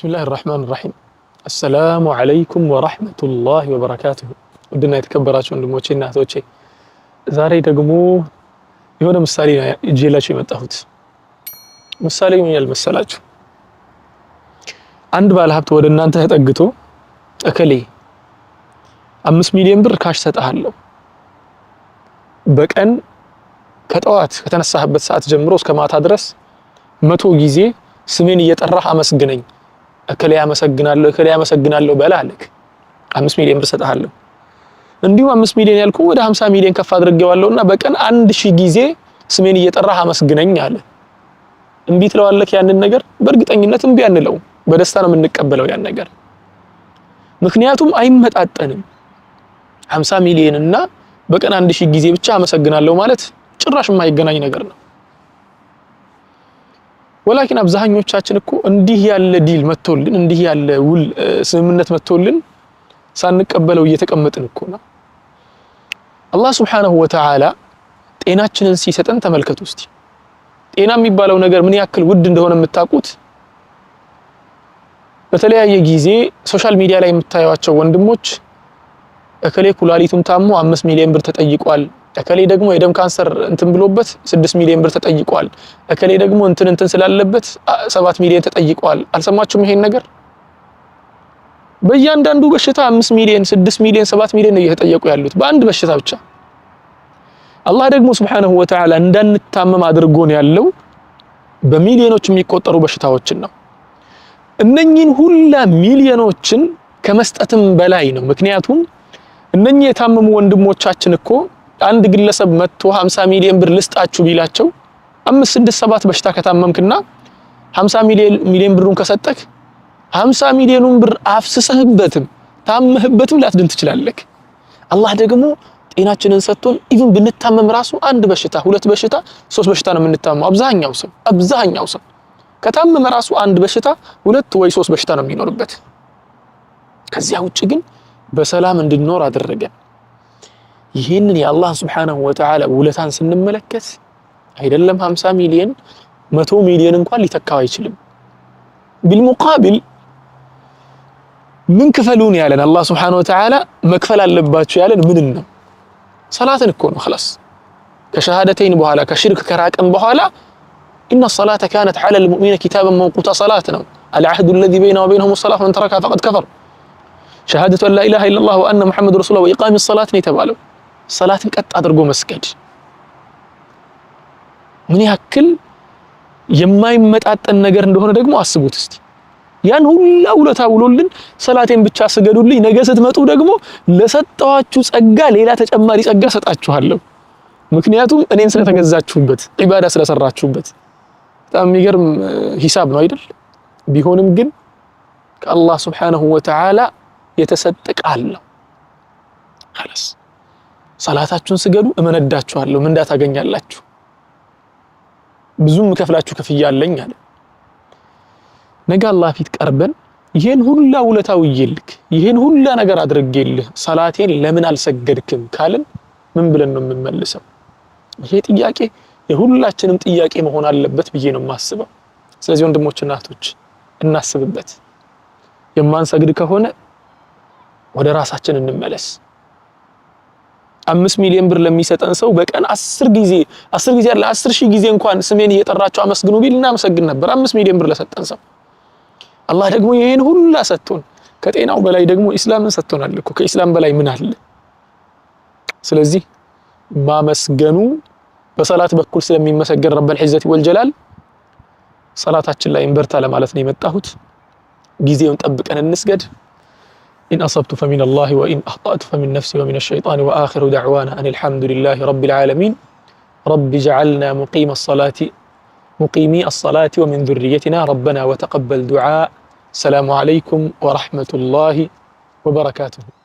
ብስሚላህ ራህማን ራሒም አሰላሙ ዓለይኩም ወራህመቱላህ ወበረካቱሁ። ውድና የተከበራችሁ ወንድሞቼ እና እህቶቼ ዛሬ ደግሞ የሆነ ምሳሌ ይዤላችሁ የመጣሁት ምሳሌ ምን ያልመሰላችሁ፣ አንድ ባለሀብት ወደ እናንተ ተጠግቶ እከሌ አምስት ሚሊዮን ብር ካሽ ሰጥሃለሁ በቀን ከጠዋት ከተነሳህበት ሰዓት ጀምሮ እስከ ማታ ድረስ መቶ ጊዜ ስሜን እየጠራህ አመስግነኝ እከሌ ያመሰግናለሁ እከሌ ያመሰግናለሁ አለክ አምስት ሚሊዮን ብር ሰጥሃለሁ። እንዲሁም አምስት ሚሊዮን ያልኩ ወደ 50 ሚሊዮን ከፍ አድርጌዋለሁና በቀን አንድ ሺህ ጊዜ ስሜን እየጠራህ አመስግነኝ አለ። እምቢ ትለዋለህ ያንን ነገር? በእርግጠኝነት እምቢ አንለው፣ በደስታ ነው የምንቀበለው ያን ነገር። ምክንያቱም አይመጣጠንም። ሀምሳ ሚሊዮን እና በቀን አንድ ሺህ ጊዜ ብቻ አመሰግናለሁ ማለት ጭራሽ የማይገናኝ ነገር ነው። ወላኪን አብዛኞቻችን እኮ እንዲህ ያለ ዲል መጥቶልን እንዲህ ያለ ውል ስምምነት መጥቶልን ሳንቀበለው እየተቀመጥን እኮ ነው። አላህ ሱብሓነሁ ወተዓላ ጤናችንን ሲሰጠን ተመልከቱ እስቲ። ጤና የሚባለው ነገር ምን ያክል ውድ እንደሆነ የምታውቁት በተለያየ ጊዜ ሶሻል ሚዲያ ላይ የምታዩቸው ወንድሞች እከሌ ኩላሊቱን ታሞ አምስት ሚሊዮን ብር ተጠይቋል እከሌ ደግሞ የደም ካንሰር እንትን ብሎበት ስድስት ሚሊዮን ብር ተጠይቋል፣ እከሌ ደግሞ እንትን እንትን ስላለበት ሰባት ሚሊዮን ተጠይቋል። አልሰማችሁም ይሄን ነገር? በእያንዳንዱ በሽታ አምስት ሚሊዮን፣ ስድስት ሚሊዮን፣ ሰባት ሚሊዮን እየተጠየቁ ያሉት በአንድ በሽታ ብቻ። አላህ ደግሞ ስብሓነሁ ወተዓላ እንዳንታመም አድርጎን ያለው በሚሊዮኖች የሚቆጠሩ በሽታዎችን ነው። እነኚህን ሁላ ሚሊዮኖችን ከመስጠትም በላይ ነው። ምክንያቱም እነኚህ የታመሙ ወንድሞቻችን እኮ አንድ ግለሰብ መጥቶ 50 ሚሊዮን ብር ልስጣችሁ ቢላቸው አምስት ስድስት ሰባት በሽታ ከታመምክና 50 ሚሊዮን ብሩን ከሰጠክ 50 ሚሊዮኑን ብር አፍስሰህበትም ታመህበትም ላትድን ትችላለህ። አላህ ደግሞ ጤናችንን ሰጥቶን ኢቭን ብንታመም ራሱ አንድ በሽታ ሁለት በሽታ ሶስት በሽታ ነው የምንታመው። አብዛኛው ሰው አብዛኛው ሰው ከታመመ ራሱ አንድ በሽታ ሁለት ወይ ሶስት በሽታ ነው የሚኖርበት። ከዚያ ውጭ ግን በሰላም እንድንኖር አደረገን። ይህንን የአላህ ስብሓናሁ ወተዓላ ውለታን ስንመለከት አይደለም 50 ሚሊዮን መቶ ሚሊዮን እንኳን ሊተካው አይችልም። ቢልሙቃቢል ምን ክፈሉን ያለን አላህ ስብሓነሁ ወተዓላ መክፈል አለባቸው ያለን ምን ነው? ሰላትን እኮ ነው። ኸላስ ከሸሃደተይን በኋላ ከሽርክ ከራቅን በኋላ ኢነ ሰላተ ካነት ዐለል ሙእሚኒነ ኪታበን መውቁታ ሰላት ነው። አልዓህዱ አለዚ በይነና ወበይነሁሙ ሰላት ወመን ተረከሃ ፈቀድ ከፈር። ሸሃደቱ አን ላኢላሃ ኢለላህ ወአነ ሙሐመድ ረሱሉላህ ወኢቃሚ ሰላት ነው የተባለው። ሰላትን ቀጥ አድርጎ መስገድ ምን ያክል የማይመጣጠን ነገር እንደሆነ ደግሞ አስቡት እስቲ። ያን ሁላ ውለታ ውሎልን ሰላቴን ብቻ ስገዱልኝ፣ ነገ ስትመጡ ደግሞ ለሰጠኋችሁ ጸጋ ሌላ ተጨማሪ ጸጋ ሰጣችኋለሁ። ምክንያቱም እኔን ስለተገዛችሁበት፣ ዒባዳ ስለሰራችሁበት። በጣም የሚገርም ሂሳብ ነው አይደል? ቢሆንም ግን ከአላህ ስብሓነሁ ወተዓላ የተሰጠ ቃል ነው። ሰላታችሁን ስገዱ እመነዳችኋለሁ፣ ምንዳ ታገኛላችሁ፣ ብዙም ከፍላችሁ ክፍያ አለኝ አለ። ነገ አላህ ፊት ቀርበን ይሄን ሁላ ውለታ ውዬልህ ይሄን ሁላ ነገር አድርጌልህ ሰላቴን ለምን አልሰገድክም ካልን ምን ብለን ነው የምንመልሰው? ይሄ ጥያቄ የሁላችንም ጥያቄ መሆን አለበት ብዬ ነው የማስበው። ስለዚህ ወንድሞችና እህቶች እናስብበት። የማንሰግድ ከሆነ ወደ ራሳችን እንመለስ። አምስት ሚሊዮን ብር ለሚሰጠን ሰው በቀን አስር ጊዜ አስር ጊዜ አለ አስር ሺህ ጊዜ እንኳን ስሜን እየጠራቸው አመስግኑ ቢል እናመሰግን ነበር። አምስት ሚሊዮን ብር ለሰጠን ሰው አላህ ደግሞ ይሄን ሁላ ሰጥቶን ከጤናው በላይ ደግሞ ኢስላምን ሰጥቶናል እኮ። ከኢስላም በላይ ምን አለ? ስለዚህ ማመስገኑ በሰላት በኩል ስለሚመሰገን ረበል ዒዘቲ ወልጀላል ሰላታችን ላይ እንበርታ ለማለት ነው የመጣሁት። ጊዜውን ጠብቀን እንስገድ። إن أصبت فمن الله وإن أخطأت فمن نفسي ومن الشيطان وآخر دعوانا أن الحمد لله رب العالمين رب جعلنا مقيم الصلاة مقيمي الصلاة ومن ذريتنا ربنا وتقبل دعاء السلام عليكم ورحمة الله وبركاته